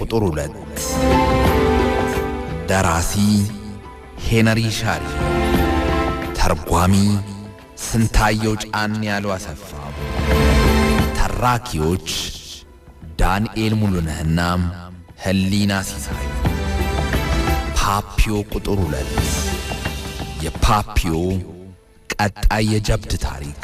ቁጥር 2 ደራሲ ሄነሪ ሻሪ፣ ተርጓሚ ስንታየው ጫን ያሉ አሰፋ፣ ተራኪዎች ዳንኤል ሙሉነህና ህሊና ሲሳይ። ፓፒዮ ቁጥር 2 የፓፒዮ ቀጣይ የጀብድ ታሪክ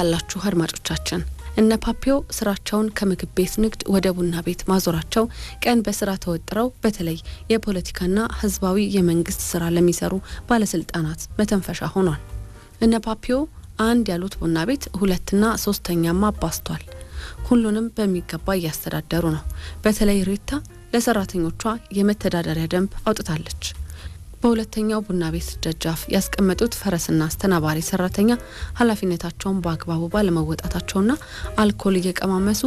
እንዴት አላችሁ አድማጮቻችን? እነ ፓፒዮ ስራቸውን ከምግብ ቤት ንግድ ወደ ቡና ቤት ማዞራቸው ቀን በስራ ተወጥረው በተለይ የፖለቲካና ህዝባዊ የመንግስት ስራ ለሚሰሩ ባለስልጣናት መተንፈሻ ሆኗል። እነ ፓፒዮ አንድ ያሉት ቡና ቤት ሁለትና ሶስተኛማ አባስቷል። ሁሉንም በሚገባ እያስተዳደሩ ነው። በተለይ ሬታ ለሰራተኞቿ የመተዳደሪያ ደንብ አውጥታለች። በሁለተኛው ቡና ቤት ደጃፍ ያስቀመጡት ፈረስና አስተናባሪ ሰራተኛ ኃላፊነታቸውን በአግባቡ ባለመወጣታቸውና አልኮል እየቀማመሱ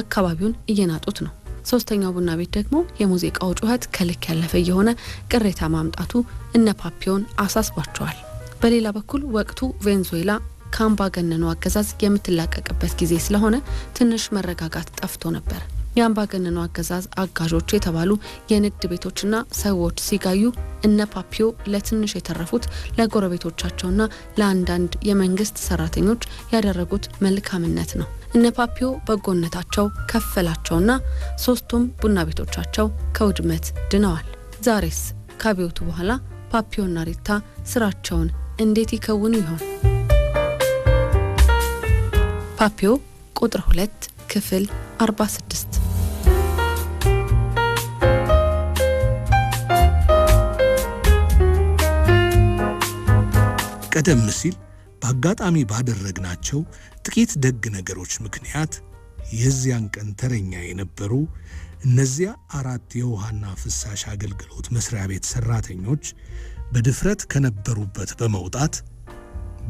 አካባቢውን እየናጡት ነው። ሶስተኛው ቡና ቤት ደግሞ የሙዚቃው ጩኸት ከልክ ያለፈ እየሆነ ቅሬታ ማምጣቱ እነ ፓፒዮን አሳስቧቸዋል። በሌላ በኩል ወቅቱ ቬንዙዌላ ከአምባገነኑ አገዛዝ የምትላቀቅበት ጊዜ ስለሆነ ትንሽ መረጋጋት ጠፍቶ ነበር። የአምባገነኑ አገዛዝ አጋዦቹ የተባሉ የንግድ ቤቶችና ሰዎች ሲጋዩ እነ ፓፒዮ ለትንሽ የተረፉት ለጎረቤቶቻቸውና ለአንዳንድ የመንግስት ሰራተኞች ያደረጉት መልካምነት ነው። እነ ፓፒዮ በጎነታቸው ከፈላቸውና ሶስቱም ቡና ቤቶቻቸው ከውድመት ድነዋል። ዛሬስ ከአብዮቱ በኋላ ፓፒዮና ሪታ ስራቸውን እንዴት ይከውኑ ይሆን? ፓፒዮ ቁጥር ሁለት ክፍል 46 ቀደም ሲል በአጋጣሚ ባደረግናቸው ጥቂት ደግ ነገሮች ምክንያት የዚያን ቀን ተረኛ የነበሩ እነዚያ አራት የውሃና ፍሳሽ አገልግሎት መስሪያ ቤት ሰራተኞች በድፍረት ከነበሩበት በመውጣት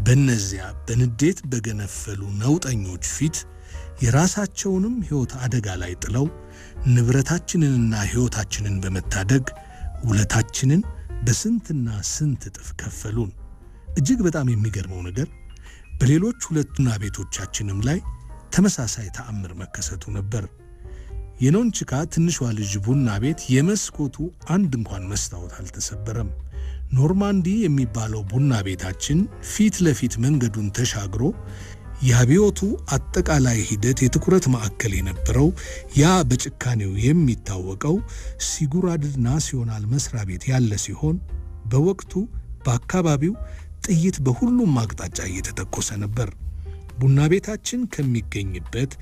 በእነዚያ በንዴት በገነፈሉ ነውጠኞች ፊት የራሳቸውንም ሕይወት አደጋ ላይ ጥለው ንብረታችንንና ሕይወታችንን በመታደግ ውለታችንን በስንትና ስንት እጥፍ ከፈሉን። እጅግ በጣም የሚገርመው ነገር በሌሎች ሁለቱና ቤቶቻችንም ላይ ተመሳሳይ ተአምር መከሰቱ ነበር። የኖንችካ ትንሿ ልጅ ቡና ቤት የመስኮቱ አንድ እንኳን መስታወት አልተሰበረም። ኖርማንዲ የሚባለው ቡና ቤታችን ፊት ለፊት መንገዱን ተሻግሮ የአብዮቱ አጠቃላይ ሂደት የትኩረት ማዕከል የነበረው ያ በጭካኔው የሚታወቀው ሲጉራድ ናሲዮናል መስሪያ ቤት ያለ ሲሆን በወቅቱ በአካባቢው ጥይት በሁሉም አቅጣጫ እየተተኮሰ ነበር። ቡና ቤታችን ከሚገኝበት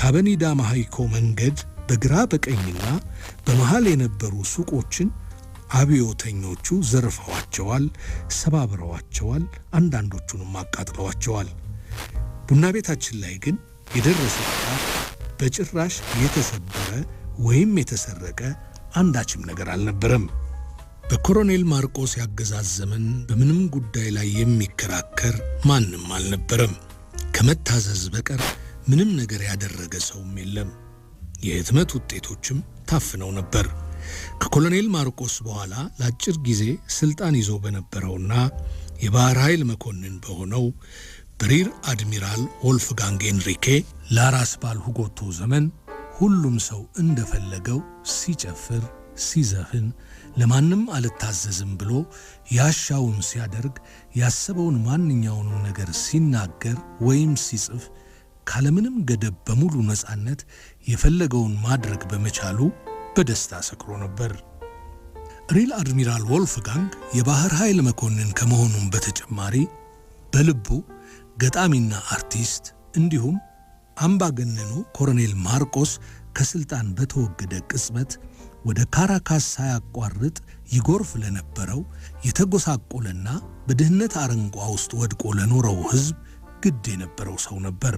ካበኒዳ ማሃይኮ መንገድ በግራ በቀኝና በመሃል የነበሩ ሱቆችን አብዮተኞቹ ዘርፈዋቸዋል፣ ሰባብረዋቸዋል፣ አንዳንዶቹንም አቃጥለዋቸዋል። ቡና ቤታችን ላይ ግን የደረሰ ጥቃት በጭራሽ የተሰበረ ወይም የተሰረቀ አንዳችም ነገር አልነበረም። በኮሎኔል ማርቆስ ያገዛዝ ዘመን በምንም ጉዳይ ላይ የሚከራከር ማንም አልነበረም። ከመታዘዝ በቀር ምንም ነገር ያደረገ ሰውም የለም። የህትመት ውጤቶችም ታፍነው ነበር። ከኮሎኔል ማርቆስ በኋላ ለአጭር ጊዜ ስልጣን ይዞ በነበረውና የባህር ኃይል መኮንን በሆነው ብሪር አድሚራል ወልፍጋንግ ኤንሪኬ ላራስ ባል ሁጎቶ ዘመን ሁሉም ሰው እንደፈለገው ሲጨፍር፣ ሲዘፍን፣ ለማንም አልታዘዝም ብሎ ያሻውን ሲያደርግ፣ ያሰበውን ማንኛውንም ነገር ሲናገር ወይም ሲጽፍ ካለምንም ገደብ በሙሉ ነፃነት የፈለገውን ማድረግ በመቻሉ በደስታ ሰክሮ ነበር። ሪል አድሚራል ወልፍጋንግ የባህር ኃይል መኮንን ከመሆኑም በተጨማሪ በልቡ ገጣሚና አርቲስት እንዲሁም አምባገነኑ ኮሎኔል ማርቆስ ከስልጣን በተወገደ ቅጽበት ወደ ካራካስ ሳያቋርጥ ይጎርፍ ለነበረው የተጎሳቆለና በድህነት አረንቋ ውስጥ ወድቆ ለኖረው ሕዝብ ግድ የነበረው ሰው ነበር።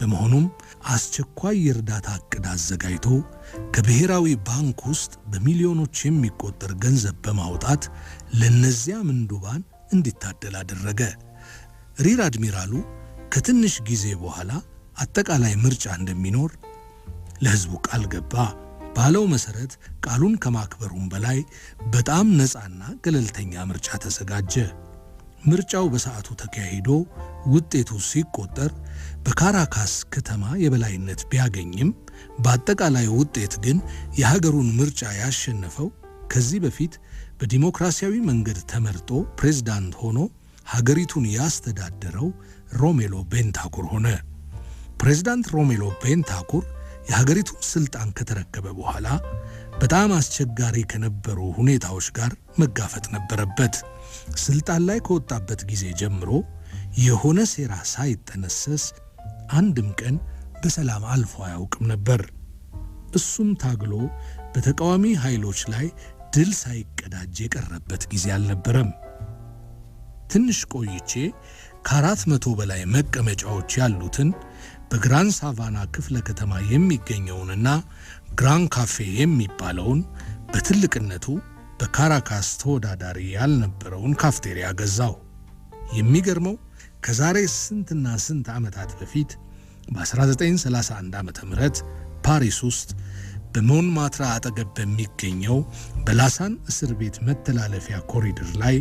በመሆኑም አስቸኳይ የእርዳታ ዕቅድ አዘጋጅቶ ከብሔራዊ ባንክ ውስጥ በሚሊዮኖች የሚቆጠር ገንዘብ በማውጣት ለእነዚያ ምንዱባን እንዲታደል አደረገ። ሪር አድሚራሉ ከትንሽ ጊዜ በኋላ አጠቃላይ ምርጫ እንደሚኖር ለሕዝቡ ቃል ገባ። ባለው መሠረት ቃሉን ከማክበሩም በላይ በጣም ነፃና ገለልተኛ ምርጫ ተዘጋጀ። ምርጫው በሰዓቱ ተካሂዶ ውጤቱ ሲቆጠር በካራካስ ከተማ የበላይነት ቢያገኝም በአጠቃላይ ውጤት ግን የሀገሩን ምርጫ ያሸነፈው ከዚህ በፊት በዲሞክራሲያዊ መንገድ ተመርጦ ፕሬዝዳንት ሆኖ ሀገሪቱን ያስተዳደረው ሮሜሎ ቤንታኩር ሆነ። ፕሬዝዳንት ሮሜሎ ቤንታኩር የሀገሪቱን ስልጣን ከተረከበ በኋላ በጣም አስቸጋሪ ከነበሩ ሁኔታዎች ጋር መጋፈጥ ነበረበት። ስልጣን ላይ ከወጣበት ጊዜ ጀምሮ የሆነ ሴራ ሳይጠነሰስ አንድም ቀን በሰላም አልፎ አያውቅም ነበር። እሱም ታግሎ በተቃዋሚ ኃይሎች ላይ ድል ሳይቀዳጅ የቀረበት ጊዜ አልነበረም። ትንሽ ቆይቼ ከአራት መቶ በላይ መቀመጫዎች ያሉትን በግራን ሳቫና ክፍለ ከተማ የሚገኘውንና ግራን ካፌ የሚባለውን በትልቅነቱ በካራካስ ተወዳዳሪ ያልነበረውን ካፍቴሪያ ገዛው። የሚገርመው ከዛሬ ስንትና ስንት ዓመታት በፊት በ1931 ዓ ም ፓሪስ ውስጥ በሞንማትራ አጠገብ በሚገኘው በላሳን እስር ቤት መተላለፊያ ኮሪደር ላይ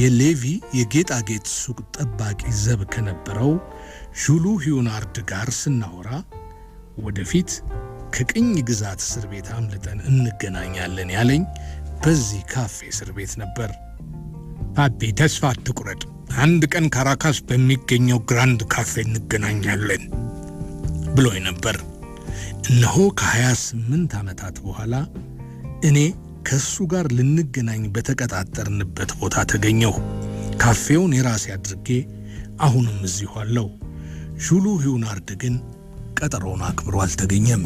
የሌቪ የጌጣጌጥ ሱቅ ጠባቂ ዘብ ከነበረው ዡሉ ሂዩናርድ ጋር ስናወራ ወደፊት ከቅኝ ግዛት እስር ቤት አምልጠን እንገናኛለን ያለኝ በዚህ ካፌ እስር ቤት ነበር። አቢ ተስፋ አትቁረጥ፣ አንድ ቀን ካራካስ በሚገኘው ግራንድ ካፌ እንገናኛለን ብሎኝ ነበር። እነሆ ከ28 ዓመታት በኋላ እኔ ከእሱ ጋር ልንገናኝ በተቀጣጠርንበት ቦታ ተገኘሁ። ካፌውን የራሴ አድርጌ አሁንም እዚሁ አለው። ዡሉ ሂዩናርድ ግን ቀጠሮውን አክብሮ አልተገኘም።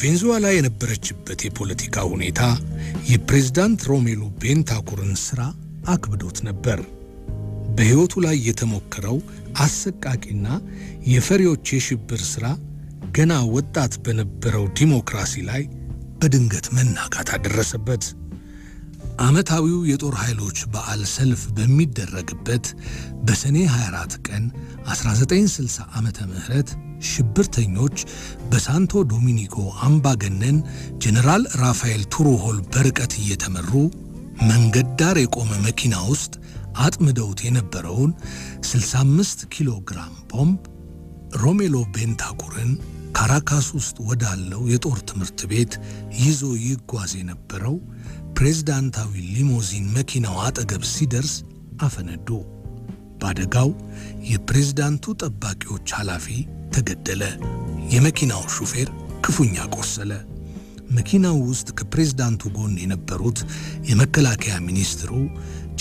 ቬንዙዋላ የነበረችበት የፖለቲካ ሁኔታ የፕሬዝዳንት ሮሜሉ ቤንታኩርን ሥራ አክብዶት ነበር። በሕይወቱ ላይ የተሞከረው አሰቃቂና የፈሪዎች የሽብር ሥራ ገና ወጣት በነበረው ዲሞክራሲ ላይ በድንገት መናጋት አደረሰበት። ዓመታዊው የጦር ኃይሎች በዓል ሰልፍ በሚደረግበት በሰኔ 24 ቀን 1960 ዓ ምህረት ሽብርተኞች በሳንቶ ዶሚኒጎ አምባገነን ጄኔራል ራፋኤል ቱሩሆል በርቀት እየተመሩ መንገድ ዳር የቆመ መኪና ውስጥ አጥምደውት የነበረውን 65 ኪሎ ግራም ቦምብ ሮሜሎ ቤንታኩርን ካራካስ ውስጥ ወዳለው የጦር ትምህርት ቤት ይዞ ይጓዝ የነበረው ፕሬዝዳንታዊ ሊሞዚን መኪናው አጠገብ ሲደርስ አፈነዱ። በአደጋው የፕሬዝዳንቱ ጠባቂዎች ኃላፊ ተገደለ። የመኪናው ሹፌር ክፉኛ ቆሰለ። መኪናው ውስጥ ከፕሬዝዳንቱ ጎን የነበሩት የመከላከያ ሚኒስትሩ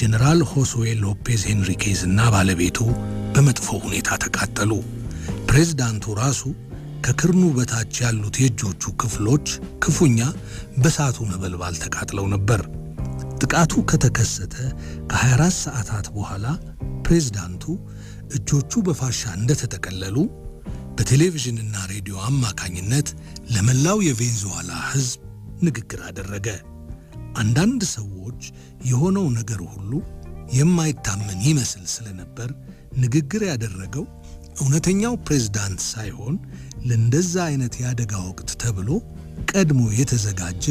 ጄኔራል ሆስዌ ሎፔዝ ሄንሪኬዝ እና ባለቤቱ በመጥፎ ሁኔታ ተቃጠሉ። ፕሬዝዳንቱ ራሱ ከክርኑ በታች ያሉት የእጆቹ ክፍሎች ክፉኛ በሳቱ ነበልባል ተቃጥለው ነበር። ጥቃቱ ከተከሰተ ከ24 ሰዓታት በኋላ ፕሬዝዳንቱ እጆቹ በፋሻ እንደተጠቀለሉ በቴሌቪዥንና ሬዲዮ አማካኝነት ለመላው የቬንዙዋላ ሕዝብ ንግግር አደረገ። አንዳንድ ሰዎች የሆነው ነገር ሁሉ የማይታመን ይመስል ስለነበር ንግግር ያደረገው እውነተኛው ፕሬዝዳንት ሳይሆን ለእንደዛ አይነት የአደጋ ወቅት ተብሎ ቀድሞ የተዘጋጀ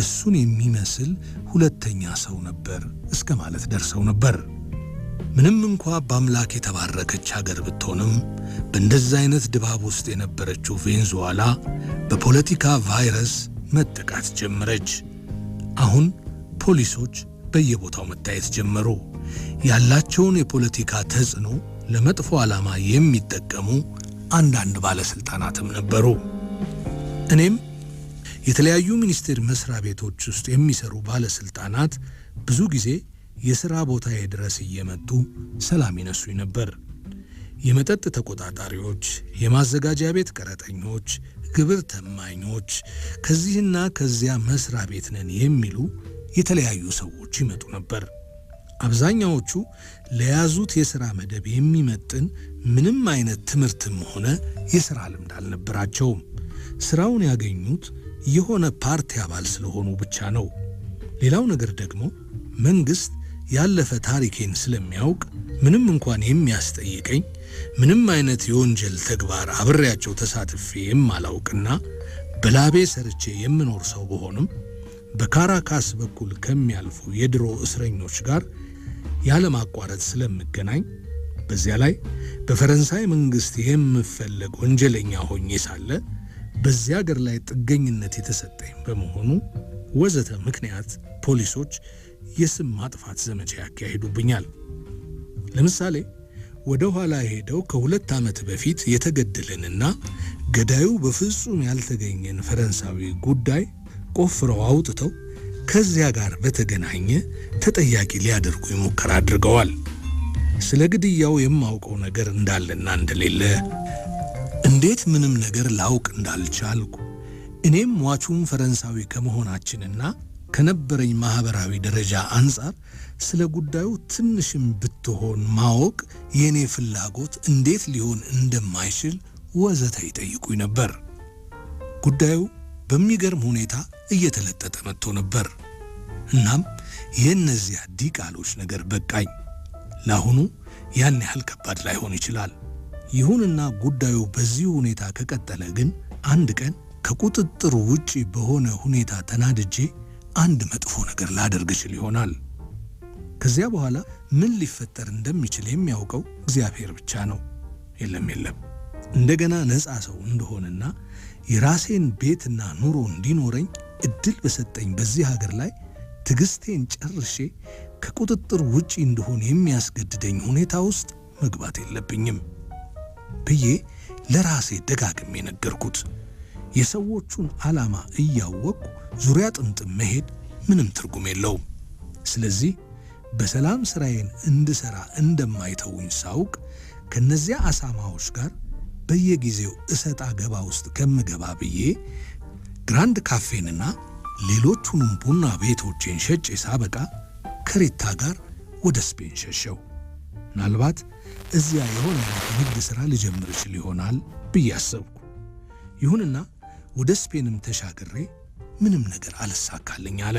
እሱን የሚመስል ሁለተኛ ሰው ነበር እስከ ማለት ደርሰው ነበር። ምንም እንኳ በአምላክ የተባረከች ሀገር ብትሆንም በእንደዛ አይነት ድባብ ውስጥ የነበረችው ቬንዙዋላ በፖለቲካ ቫይረስ መጠቃት ጀመረች። አሁን ፖሊሶች በየቦታው መታየት ጀመሩ። ያላቸውን የፖለቲካ ተጽዕኖ ለመጥፎ ዓላማ የሚጠቀሙ አንዳንድ ባለሥልጣናትም ነበሩ። እኔም የተለያዩ ሚኒስቴር መስሪያ ቤቶች ውስጥ የሚሰሩ ባለሥልጣናት ብዙ ጊዜ የሥራ ቦታዬ ድረስ እየመጡ ሰላም ይነሱኝ ነበር። የመጠጥ ተቆጣጣሪዎች፣ የማዘጋጃ ቤት ቀረጠኞች፣ ግብር ተማኞች፣ ከዚህና ከዚያ መስሪያ ቤት ነን የሚሉ የተለያዩ ሰዎች ይመጡ ነበር። አብዛኛዎቹ ለያዙት የሥራ መደብ የሚመጥን ምንም አይነት ትምህርትም ሆነ የሥራ ልምድ አልነበራቸውም። ሥራውን ያገኙት የሆነ ፓርቲ አባል ስለሆኑ ብቻ ነው። ሌላው ነገር ደግሞ መንግሥት ያለፈ ታሪኬን ስለሚያውቅ ምንም እንኳን የሚያስጠይቀኝ ምንም አይነት የወንጀል ተግባር አብሬያቸው ተሳትፌ የማላውቅና በላቤ ሰርቼ የምኖር ሰው ብሆንም በካራካስ በኩል ከሚያልፉ የድሮ እስረኞች ጋር ያለማቋረጥ ስለምገናኝ በዚያ ላይ በፈረንሳይ መንግስት የምፈለግ ወንጀለኛ ሆኜ ሳለ በዚያ አገር ላይ ጥገኝነት የተሰጠኝ በመሆኑ ወዘተ ምክንያት ፖሊሶች የስም ማጥፋት ዘመቻ ያካሂዱብኛል። ለምሳሌ ወደ ኋላ ሄደው ከሁለት ዓመት በፊት የተገደለንና ገዳዩ በፍጹም ያልተገኘን ፈረንሳዊ ጉዳይ ቆፍረው አውጥተው ከዚያ ጋር በተገናኘ ተጠያቂ ሊያደርጉ የሞከራ አድርገዋል። ስለ ግድያው የማውቀው ነገር እንዳለና እንደሌለ፣ እንዴት ምንም ነገር ላውቅ እንዳልቻልኩ እኔም ሟቹም ፈረንሳዊ ከመሆናችንና ከነበረኝ ማኅበራዊ ደረጃ አንጻር ስለ ጉዳዩ ትንሽም ብትሆን ማወቅ የእኔ ፍላጎት እንዴት ሊሆን እንደማይችል ወዘተ ይጠይቁኝ ነበር። ጉዳዩ በሚገርም ሁኔታ እየተለጠጠ መጥቶ ነበር። እናም የእነዚያ ዲቃሎች ነገር በቃኝ። ለአሁኑ ያን ያህል ከባድ ላይሆን ይችላል። ይሁንና ጉዳዩ በዚህ ሁኔታ ከቀጠለ ግን አንድ ቀን ከቁጥጥር ውጪ በሆነ ሁኔታ ተናድጄ አንድ መጥፎ ነገር ላደርግ እችል ይሆናል። ከዚያ በኋላ ምን ሊፈጠር እንደሚችል የሚያውቀው እግዚአብሔር ብቻ ነው። የለም የለም፣ እንደገና ነፃ ሰው እንደሆነና የራሴን ቤትና ኑሮ እንዲኖረኝ እድል በሰጠኝ በዚህ ሀገር ላይ ትዕግስቴን ጨርሼ ከቁጥጥር ውጪ እንደሆን የሚያስገድደኝ ሁኔታ ውስጥ መግባት የለብኝም ብዬ ለራሴ ደጋግሜ ነገርኩት። የሰዎቹን ዓላማ እያወቅኩ ዙሪያ ጥምጥም መሄድ ምንም ትርጉም የለውም። ስለዚህ በሰላም ስራዬን እንድሰራ እንደማይተውኝ ሳውቅ ከነዚያ አሳማዎች ጋር በየጊዜው እሰጣ ገባ ውስጥ ከምገባ ብዬ ግራንድ ካፌንና ሌሎቹንም ቡና ቤቶቼን ሸጬ ሳበቃ ከሬታ ጋር ወደ ስፔን ሸሸው። ምናልባት እዚያ የሆነ ንግድ ሥራ ልጀምር እችል ይሆናል ብዬ አሰብኩ። ይሁንና ወደ ስፔንም ተሻግሬ ምንም ነገር አልሳካልኝ አለ።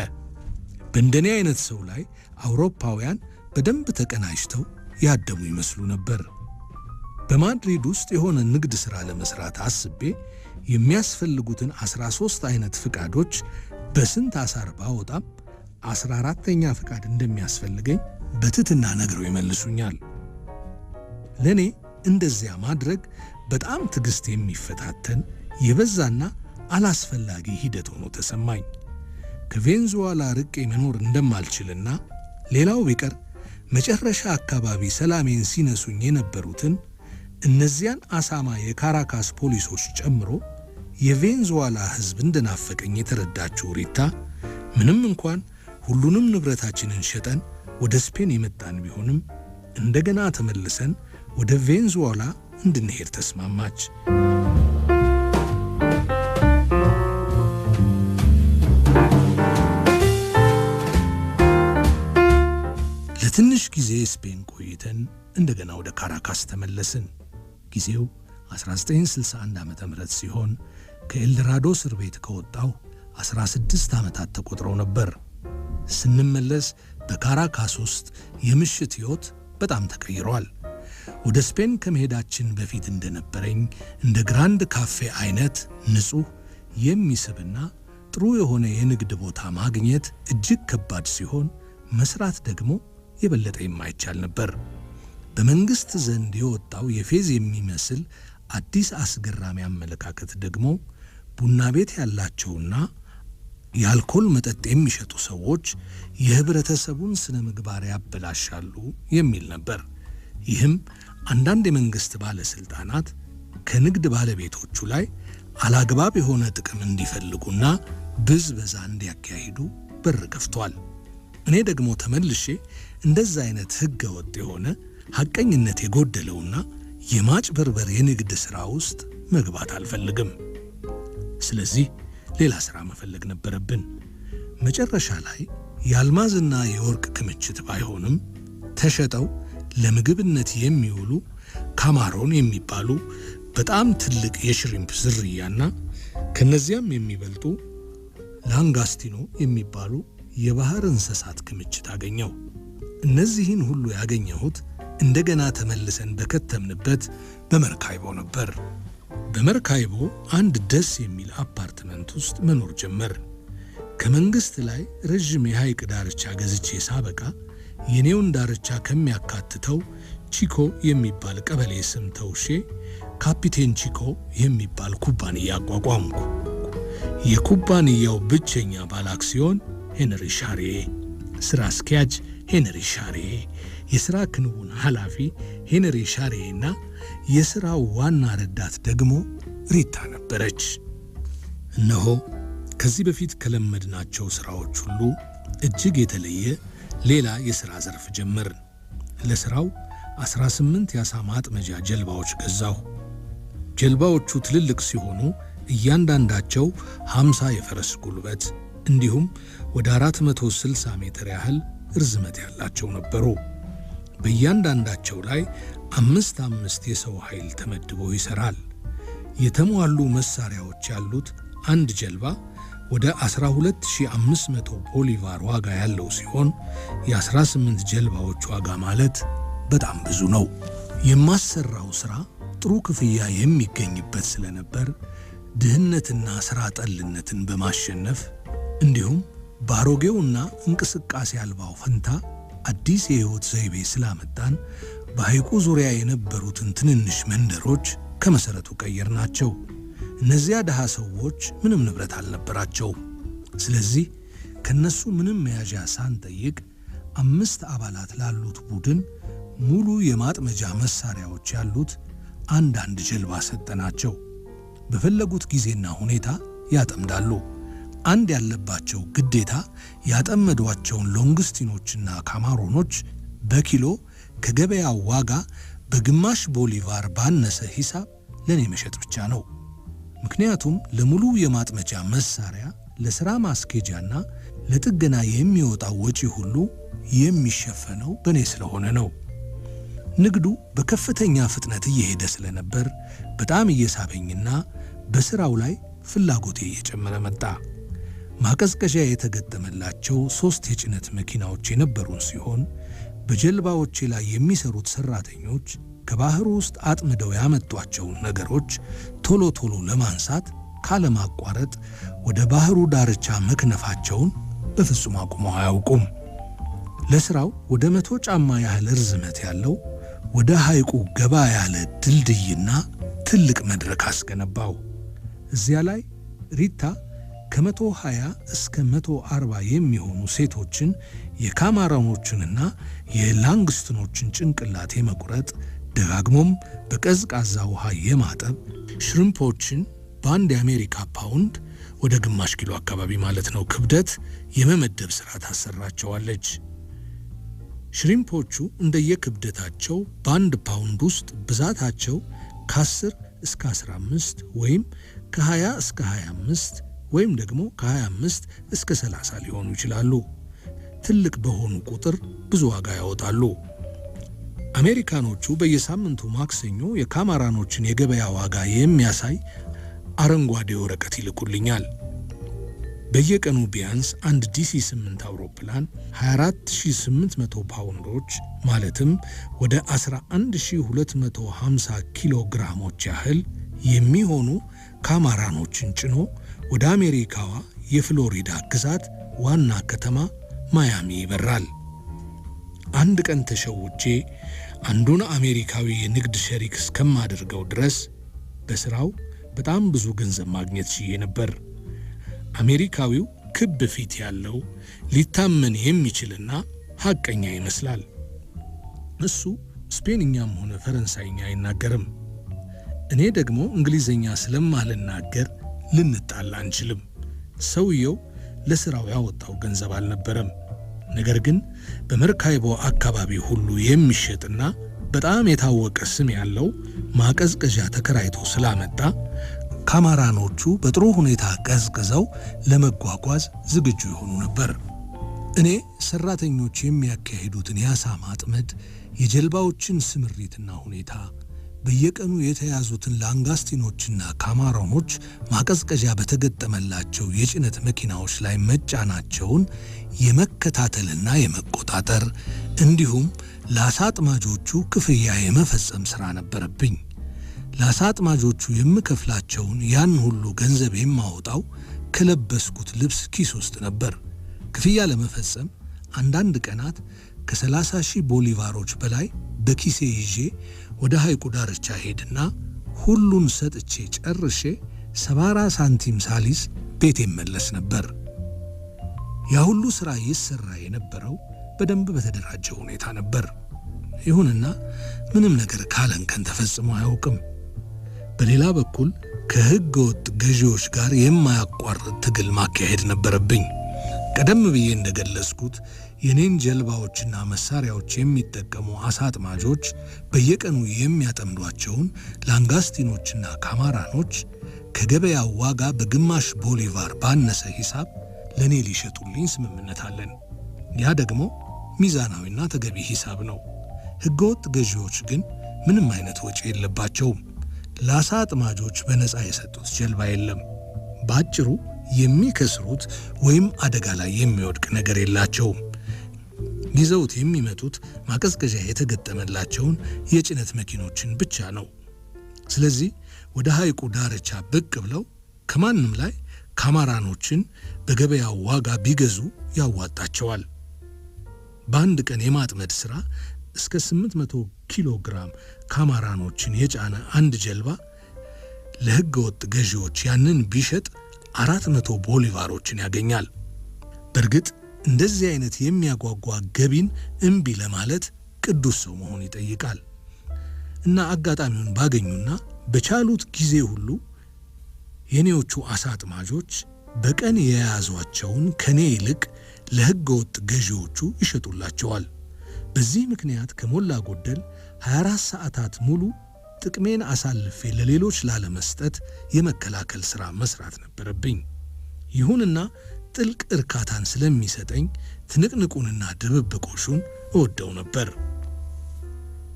በእንደኔ አይነት ሰው ላይ አውሮፓውያን በደንብ ተቀናጅተው ያደሙ ይመስሉ ነበር። በማድሪድ ውስጥ የሆነ ንግድ ሥራ ለመሥራት አስቤ የሚያስፈልጉትን ሦስት አይነት ፍቃዶች በስንት አሳር ባወጣም ዐሥራ ተኛ ፍቃድ እንደሚያስፈልገኝ በትትና ነግረው ይመልሱኛል። ለእኔ እንደዚያ ማድረግ በጣም ትዕግሥት የሚፈታተን የበዛና አላስፈላጊ ሂደት ሆኖ ተሰማኝ። ከቬንዙዋላ ርቄ መኖር እንደማልችልና ሌላው ቢቀር መጨረሻ አካባቢ ሰላሜን ሲነሱኝ የነበሩትን እነዚያን አሳማ የካራካስ ፖሊሶች ጨምሮ የቬንዙዋላ ሕዝብ እንደናፈቀኝ የተረዳችው ሪታ ምንም እንኳን ሁሉንም ንብረታችንን ሸጠን ወደ ስፔን የመጣን ቢሆንም እንደገና ተመልሰን ወደ ቬንዙዋላ እንድንሄድ ተስማማች። ለትንሽ ጊዜ ስፔን ቆይተን እንደገና ወደ ካራካስ ተመለስን። ጊዜው 1961 ዓ ም ሲሆን ከኤልድራዶ እስር ቤት ከወጣው 16 ዓመታት ተቆጥረው ነበር። ስንመለስ በካራካስ ውስጥ የምሽት ሕይወት በጣም ተቀይሯል። ወደ ስፔን ከመሄዳችን በፊት እንደነበረኝ እንደ ግራንድ ካፌ አይነት ንጹሕ የሚስብና ጥሩ የሆነ የንግድ ቦታ ማግኘት እጅግ ከባድ ሲሆን መስራት ደግሞ የበለጠ የማይቻል ነበር። በመንግስት ዘንድ የወጣው የፌዝ የሚመስል አዲስ አስገራሚ አመለካከት ደግሞ ቡና ቤት ያላቸውና የአልኮል መጠጥ የሚሸጡ ሰዎች የህብረተሰቡን ስነ ምግባር ያበላሻሉ የሚል ነበር። ይህም አንዳንድ የመንግስት ባለስልጣናት ከንግድ ባለቤቶቹ ላይ አላግባብ የሆነ ጥቅም እንዲፈልጉና ብዝበዛ እንዲያካሂዱ በር ከፍቷል። እኔ ደግሞ ተመልሼ እንደዚህ አይነት ህገ ወጥ የሆነ ሐቀኝነት የጎደለውና የማጭበርበር የንግድ ሥራ ውስጥ መግባት አልፈልግም። ስለዚህ ሌላ ሥራ መፈለግ ነበረብን። መጨረሻ ላይ የአልማዝና የወርቅ ክምችት ባይሆንም ተሸጠው ለምግብነት የሚውሉ ካማሮን የሚባሉ በጣም ትልቅ የሽሪምፕ ዝርያና ከነዚያም የሚበልጡ ላንጋስቲኖ የሚባሉ የባህር እንስሳት ክምችት አገኘው። እነዚህን ሁሉ ያገኘሁት እንደገና ተመልሰን በከተምንበት በመርካይቦ ነበር። በመርካይቦ አንድ ደስ የሚል አፓርትመንት ውስጥ መኖር ጀመር። ከመንግሥት ላይ ረዥም የሐይቅ ዳርቻ ገዝቼ ሳበቃ የኔውን ዳርቻ ከሚያካትተው ቺኮ የሚባል ቀበሌ ስም ተውሼ ካፒቴን ቺኮ የሚባል ኩባንያ አቋቋምኩ። የኩባንያው ብቸኛ ባለአክሲዮን ሄንሪ ሻርዬ፣ ሥራ አስኪያጅ ሄነሪ ሻሬ የሥራ ክንውን ኃላፊ ሄነሪ ሻሬ እና የሥራው ዋና ረዳት ደግሞ ሪታ ነበረች። እነሆ ከዚህ በፊት ከለመድናቸው ሥራዎች ሁሉ እጅግ የተለየ ሌላ የሥራ ዘርፍ ጀመርን። ለሥራው 18 የአሳ ማጥመጃ ጀልባዎች ገዛሁ። ጀልባዎቹ ትልልቅ ሲሆኑ እያንዳንዳቸው 50 የፈረስ ጉልበት እንዲሁም ወደ 460 ሜትር ያህል ርዝመት ያላቸው ነበሩ። በእያንዳንዳቸው ላይ አምስት አምስት የሰው ኃይል ተመድቦ ይሠራል። የተሟሉ መሣሪያዎች ያሉት አንድ ጀልባ ወደ 12500 ቦሊቫር ዋጋ ያለው ሲሆን የ18 ጀልባዎች ዋጋ ማለት በጣም ብዙ ነው። የማሰራው ሥራ ጥሩ ክፍያ የሚገኝበት ስለነበር ድህነትና ሥራ ጠልነትን በማሸነፍ እንዲሁም በአሮጌውና እንቅስቃሴ አልባው ፈንታ አዲስ የሕይወት ዘይቤ ስላመጣን በሐይቁ ዙሪያ የነበሩትን ትንንሽ መንደሮች ከመሠረቱ ቀየር ናቸው። እነዚያ ድሃ ሰዎች ምንም ንብረት አልነበራቸው ስለዚህ ከነሱ ምንም መያዣ ሳንጠይቅ አምስት አባላት ላሉት ቡድን ሙሉ የማጥመጃ መሳሪያዎች ያሉት አንዳንድ ጀልባ ሰጠናቸው። በፈለጉት ጊዜና ሁኔታ ያጠምዳሉ። አንድ ያለባቸው ግዴታ ያጠመዷቸውን ሎንግስቲኖችና ካማሮኖች በኪሎ ከገበያው ዋጋ በግማሽ ቦሊቫር ባነሰ ሂሳብ ለእኔ መሸጥ ብቻ ነው። ምክንያቱም ለሙሉ የማጥመጃ መሳሪያ፣ ለሥራ ማስኬጃና ለጥገና የሚወጣው ወጪ ሁሉ የሚሸፈነው በእኔ ስለሆነ ነው። ንግዱ በከፍተኛ ፍጥነት እየሄደ ስለነበር በጣም እየሳበኝና በሥራው ላይ ፍላጎቴ እየጨመረ መጣ። ማቀዝቀዣ የተገጠመላቸው ሦስት የጭነት መኪናዎች የነበሩን ሲሆን በጀልባዎቼ ላይ የሚሰሩት ሠራተኞች ከባህሩ ውስጥ አጥምደው ያመጧቸውን ነገሮች ቶሎ ቶሎ ለማንሳት ካለማቋረጥ ወደ ባህሩ ዳርቻ መክነፋቸውን በፍጹም አቁመው አያውቁም። ለሥራው ወደ መቶ ጫማ ያህል ርዝመት ያለው ወደ ሐይቁ ገባ ያለ ድልድይና ትልቅ መድረክ አስገነባው። እዚያ ላይ ሪታ ከመቶ 20 እስከ 140 የሚሆኑ ሴቶችን የካማራኖችንና የላንግስትኖችን ጭንቅላት የመቁረጥ ደጋግሞም በቀዝቃዛ ውሃ የማጠብ ሽርምፖችን በአንድ የአሜሪካ ፓውንድ ወደ ግማሽ ኪሎ አካባቢ ማለት ነው ክብደት የመመደብ ሥራ ታሰራቸዋለች። ሽሪምፖቹ እንደየክብደታቸው በአንድ ፓውንድ ውስጥ ብዛታቸው ከ10 እስከ 15 ወይም ከ20 እስከ 25 ወይም ደግሞ ከ25 እስከ 30 ሊሆኑ ይችላሉ። ትልቅ በሆኑ ቁጥር ብዙ ዋጋ ያወጣሉ። አሜሪካኖቹ በየሳምንቱ ማክሰኞ የካማራኖችን የገበያ ዋጋ የሚያሳይ አረንጓዴ ወረቀት ይልኩልኛል። በየቀኑ ቢያንስ አንድ ዲሲ 8 አውሮፕላን 24800 ፓውንዶች ማለትም ወደ 11250 ኪሎ ግራሞች ያህል የሚሆኑ ካማራኖችን ጭኖ ወደ አሜሪካዋ የፍሎሪዳ ግዛት ዋና ከተማ ማያሚ ይበራል። አንድ ቀን ተሸውቼ አንዱን አሜሪካዊ የንግድ ሸሪክ እስከማደርገው ድረስ በሥራው በጣም ብዙ ገንዘብ ማግኘት ችዬ ነበር። አሜሪካዊው ክብ ፊት ያለው ሊታመን የሚችልና ሐቀኛ ይመስላል። እሱ ስፔንኛም ሆነ ፈረንሳይኛ አይናገርም። እኔ ደግሞ እንግሊዝኛ ስለማልናገር ልንጣላ አንችልም። ሰውየው ለሥራው ያወጣው ገንዘብ አልነበረም። ነገር ግን በመርካይቦ አካባቢ ሁሉ የሚሸጥና በጣም የታወቀ ስም ያለው ማቀዝቀዣ ተከራይቶ ስላመጣ ካማራኖቹ በጥሩ ሁኔታ ቀዝቅዘው ለመጓጓዝ ዝግጁ የሆኑ ነበር። እኔ ሰራተኞች የሚያካሂዱትን የአሳ ማጥመድ፣ የጀልባዎችን ስምሪትና ሁኔታ በየቀኑ የተያዙትን ላንጋስቲኖችና ካማሮኖች ማቀዝቀዣ በተገጠመላቸው የጭነት መኪናዎች ላይ መጫናቸውን የመከታተልና የመቆጣጠር እንዲሁም ላሳ አጥማጆቹ ክፍያ የመፈጸም ሥራ ነበረብኝ። ላሳ አጥማጆቹ የምከፍላቸውን ያን ሁሉ ገንዘብ የማወጣው ከለበስኩት ልብስ ኪስ ውስጥ ነበር። ክፍያ ለመፈጸም አንዳንድ ቀናት ከ30 ሺህ ቦሊቫሮች በላይ በኪሴ ይዤ ወደ ሐይቁ ዳርቻ ሄድና ሁሉን ሰጥቼ ጨርሼ 74 ሳንቲም ሳሊዝ ቤት ይመለስ ነበር። ያ ሁሉ ሥራ ይሰራ የነበረው በደንብ በተደራጀ ሁኔታ ነበር። ይሁንና ምንም ነገር ካለንከን ተፈጽሞ አያውቅም። በሌላ በኩል ከሕገ ወጥ ገዢዎች ጋር የማያቋርጥ ትግል ማካሄድ ነበረብኝ። ቀደም ብዬ እንደገለጽኩት የኔን ጀልባዎችና መሳሪያዎች የሚጠቀሙ አሳ አጥማጆች በየቀኑ የሚያጠምዷቸውን ላንጋስቲኖችና ካማራኖች ከገበያው ዋጋ በግማሽ ቦሊቫር ባነሰ ሂሳብ ለእኔ ሊሸጡልኝ ስምምነት አለን። ያ ደግሞ ሚዛናዊና ተገቢ ሂሳብ ነው። ሕገወጥ ገዢዎች ግን ምንም አይነት ወጪ የለባቸውም። ለአሳ አጥማጆች በነፃ የሰጡት ጀልባ የለም። በአጭሩ የሚከስሩት ወይም አደጋ ላይ የሚወድቅ ነገር የላቸውም። ይዘውት የሚመጡት ማቀዝቀዣ የተገጠመላቸውን የጭነት መኪኖችን ብቻ ነው። ስለዚህ ወደ ሐይቁ ዳርቻ ብቅ ብለው ከማንም ላይ ካማራኖችን በገበያው ዋጋ ቢገዙ ያዋጣቸዋል። በአንድ ቀን የማጥመድ ሥራ እስከ 800 ኪሎ ግራም ካማራኖችን የጫነ አንድ ጀልባ ለሕገ ወጥ ገዢዎች ያንን ቢሸጥ 400 ቦሊቫሮችን ያገኛል። በእርግጥ እንደዚህ አይነት የሚያጓጓ ገቢን እምቢ ለማለት ቅዱስ ሰው መሆን ይጠይቃል እና አጋጣሚውን ባገኙና በቻሉት ጊዜ ሁሉ የኔዎቹ አሳ አጥማጆች በቀን የያዟቸውን ከኔ ይልቅ ለሕገ ወጥ ገዢዎቹ ይሸጡላቸዋል። በዚህ ምክንያት ከሞላ ጎደል 24 ሰዓታት ሙሉ ጥቅሜን አሳልፌ ለሌሎች ላለመስጠት የመከላከል ሥራ መስራት ነበረብኝ። ይሁንና ጥልቅ እርካታን ስለሚሰጠኝ ትንቅንቁንና ድብብቆሹን እወደው ነበር።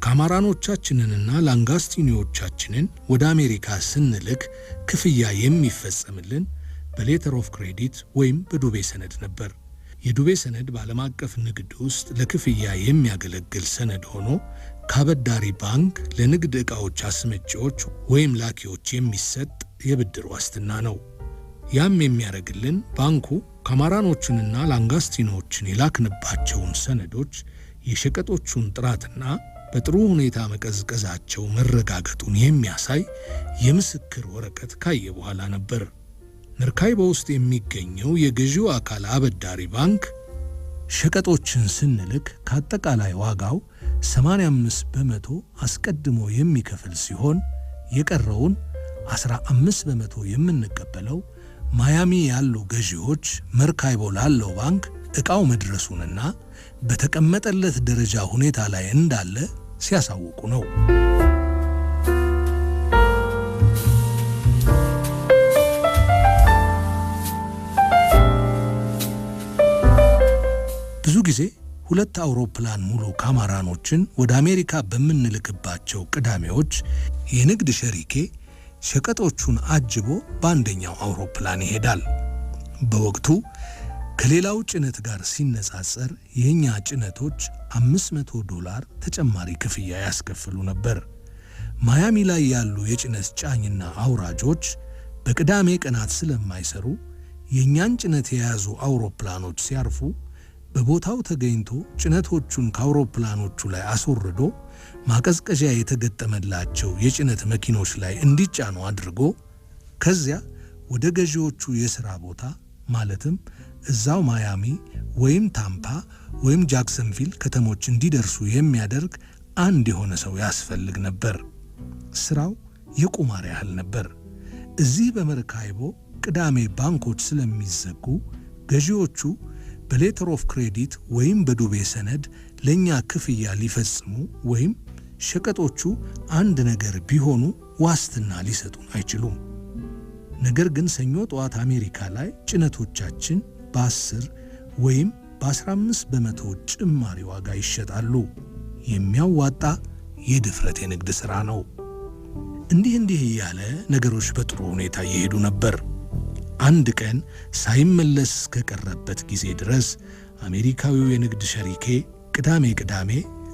ካማራኖቻችንንና ላንጋስቲኒዎቻችንን ወደ አሜሪካ ስንልክ ክፍያ የሚፈጸምልን በሌተር ኦፍ ክሬዲት ወይም በዱቤ ሰነድ ነበር። የዱቤ ሰነድ በዓለም አቀፍ ንግድ ውስጥ ለክፍያ የሚያገለግል ሰነድ ሆኖ ካበዳሪ ባንክ ለንግድ ዕቃዎች አስመጪዎች ወይም ላኪዎች የሚሰጥ የብድር ዋስትና ነው። ያም የሚያደርግልን ባንኩ ካማራኖቹንና ላንጋስቲኖዎችን የላክንባቸውን ሰነዶች የሸቀጦቹን ጥራትና በጥሩ ሁኔታ መቀዝቀዛቸው መረጋገጡን የሚያሳይ የምስክር ወረቀት ካየ በኋላ ነበር። መርካይቦ ውስጥ የሚገኘው የገዢው አካል አበዳሪ ባንክ ሸቀጦችን ስንልክ ከአጠቃላይ ዋጋው 85 በመቶ አስቀድሞ የሚከፍል ሲሆን የቀረውን 15 በመቶ የምንቀበለው ማያሚ ያሉ ገዢዎች መርካይቦ ላለው ባንክ ዕቃው መድረሱንና በተቀመጠለት ደረጃ ሁኔታ ላይ እንዳለ ሲያሳውቁ ነው። ብዙ ጊዜ ሁለት አውሮፕላን ሙሉ ካማራኖችን ወደ አሜሪካ በምንልክባቸው ቅዳሜዎች የንግድ ሸሪኬ ሸቀጦቹን አጅቦ በአንደኛው አውሮፕላን ይሄዳል። በወቅቱ ከሌላው ጭነት ጋር ሲነጻጸር የእኛ ጭነቶች 500 ዶላር ተጨማሪ ክፍያ ያስከፍሉ ነበር። ማያሚ ላይ ያሉ የጭነት ጫኝና አውራጆች በቅዳሜ ቀናት ስለማይሰሩ የእኛን ጭነት የያዙ አውሮፕላኖች ሲያርፉ በቦታው ተገኝቶ ጭነቶቹን ከአውሮፕላኖቹ ላይ አስወርዶ ማቀዝቀዣ የተገጠመላቸው የጭነት መኪኖች ላይ እንዲጫኑ አድርጎ ከዚያ ወደ ገዢዎቹ የሥራ ቦታ ማለትም እዛው ማያሚ ወይም ታምፓ ወይም ጃክሰንቪል ከተሞች እንዲደርሱ የሚያደርግ አንድ የሆነ ሰው ያስፈልግ ነበር። ሥራው የቁማር ያህል ነበር። እዚህ በመርካይቦ ቅዳሜ ባንኮች ስለሚዘጉ ገዢዎቹ በሌተር ኦፍ ክሬዲት ወይም በዱቤ ሰነድ ለእኛ ክፍያ ሊፈጽሙ ወይም ሸቀጦቹ አንድ ነገር ቢሆኑ ዋስትና ሊሰጡን አይችሉም። ነገር ግን ሰኞ ጠዋት አሜሪካ ላይ ጭነቶቻችን በ10 ወይም በ15 በመቶ ጭማሪ ዋጋ ይሸጣሉ። የሚያዋጣ የድፍረት የንግድ ሥራ ነው። እንዲህ እንዲህ እያለ ነገሮች በጥሩ ሁኔታ እየሄዱ ነበር። አንድ ቀን ሳይመለስ እስከቀረበት ጊዜ ድረስ አሜሪካዊው የንግድ ሸሪኬ ቅዳሜ ቅዳሜ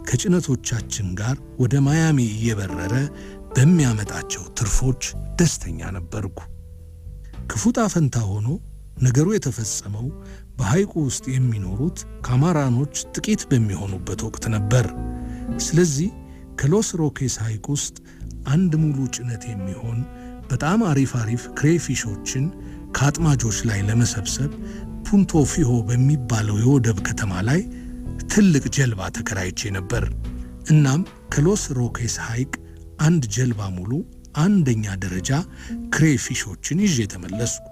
ከጭነቶቻችን ጋር ወደ ማያሚ እየበረረ በሚያመጣቸው ትርፎች ደስተኛ ነበርኩ። ክፉ ጣፈንታ ሆኖ ነገሩ የተፈጸመው በሐይቁ ውስጥ የሚኖሩት ካማራኖች ጥቂት በሚሆኑበት ወቅት ነበር። ስለዚህ ከሎስ ሮኬስ ሐይቅ ውስጥ አንድ ሙሉ ጭነት የሚሆን በጣም አሪፍ አሪፍ ክሬፊሾችን ከአጥማጆች ላይ ለመሰብሰብ ፑንቶ ፊሆ በሚባለው የወደብ ከተማ ላይ ትልቅ ጀልባ ተከራይቼ ነበር። እናም ከሎስ ሮኬስ ሐይቅ አንድ ጀልባ ሙሉ አንደኛ ደረጃ ክሬፊሾችን ይዤ ተመለስኩ።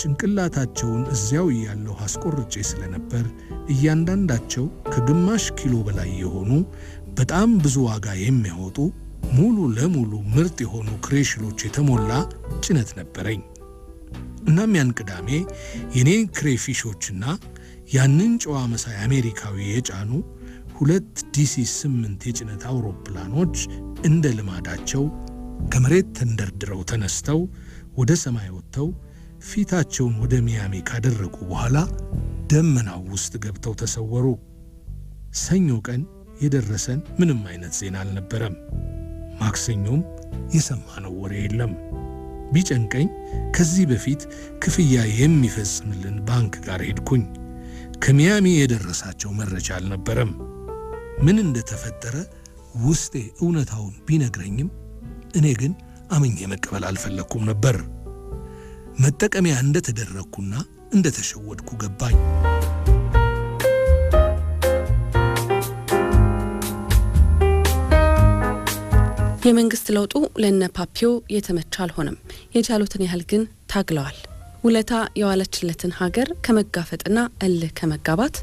ጭንቅላታቸውን እዚያው እያለሁ አስቆርጬ ስለነበር እያንዳንዳቸው ከግማሽ ኪሎ በላይ የሆኑ በጣም ብዙ ዋጋ የሚያወጡ ሙሉ ለሙሉ ምርጥ የሆኑ ክሬሽሎች የተሞላ ጭነት ነበረኝ። እናም ያን ቅዳሜ የኔ ክሬፊሾችና ያንን ጨዋ መሳይ አሜሪካዊ የጫኑ ሁለት ዲሲ ስምንት የጭነት አውሮፕላኖች እንደ ልማዳቸው ከመሬት ተንደርድረው ተነስተው ወደ ሰማይ ወጥተው ፊታቸውን ወደ ሚያሚ ካደረጉ በኋላ ደመናው ውስጥ ገብተው ተሰወሩ። ሰኞ ቀን የደረሰን ምንም አይነት ዜና አልነበረም። ማክሰኞም የሰማነው ወሬ የለም። ቢጨንቀኝ ከዚህ በፊት ክፍያ የሚፈጽምልን ባንክ ጋር ሄድኩኝ። ከሚያሚ የደረሳቸው መረጃ አልነበረም። ምን እንደተፈጠረ ውስጤ እውነታውን ቢነግረኝም እኔ ግን አምኜ መቀበል አልፈለግኩም ነበር። መጠቀሚያ እንደተደረግኩና እንደተሸወድኩ ገባኝ። የመንግስት ለውጡ ለነ ፓፒዮ የተመቸ አልሆነም። የቻሉትን ያህል ግን ታግለዋል። ውለታ የዋለችለትን ሀገር ከመጋፈጥና እልህ ከመጋባት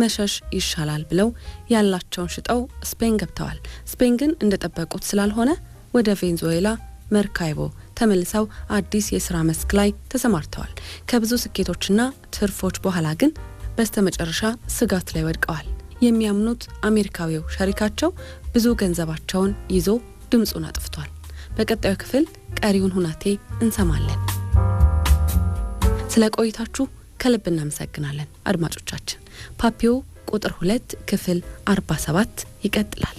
መሸሽ ይሻላል ብለው ያላቸውን ሽጠው ስፔን ገብተዋል። ስፔን ግን እንደጠበቁት ስላልሆነ ወደ ቬንዙዌላ መርካይቦ ተመልሰው አዲስ የስራ መስክ ላይ ተሰማርተዋል። ከብዙ ስኬቶችና ትርፎች በኋላ ግን በስተመጨረሻ ስጋት ላይ ወድቀዋል። የሚያምኑት አሜሪካዊው ሸሪካቸው ብዙ ገንዘባቸውን ይዞ ድምፁን አጥፍቷል። በቀጣዩ ክፍል ቀሪውን ሁናቴ እንሰማለን። ስለ ቆይታችሁ ከልብ እናመሰግናለን አድማጮቻችን። ፓፒዮ ቁጥር ሁለት ክፍል አርባ ሰባት ይቀጥላል።